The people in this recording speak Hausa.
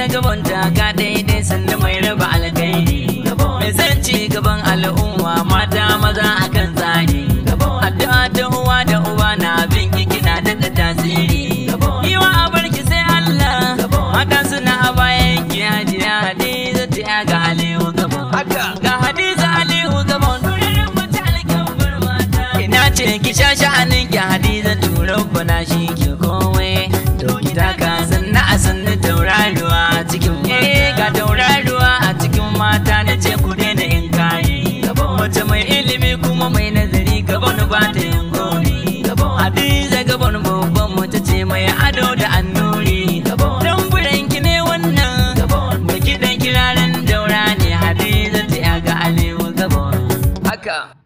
ta gaban ta ka daidai sannan mai raba alkhairi zan ci gaban al'umma mata maza akan tsari addu'a da uwa da uwa na bin kina daga tasiri yiwa a barki sai Allah mata suna a bayan ki hajiya hadiza ta ga aliyu gaban ga hadiza aliyu gaban ina ce ki sha sha'anin ki hadiza turo bana shi ki kowai, to ki taka sannan a sannu ta ado da annuri don buranki ne wannan da kiɗan kiraren daura ne hadiza ta ga alewa haka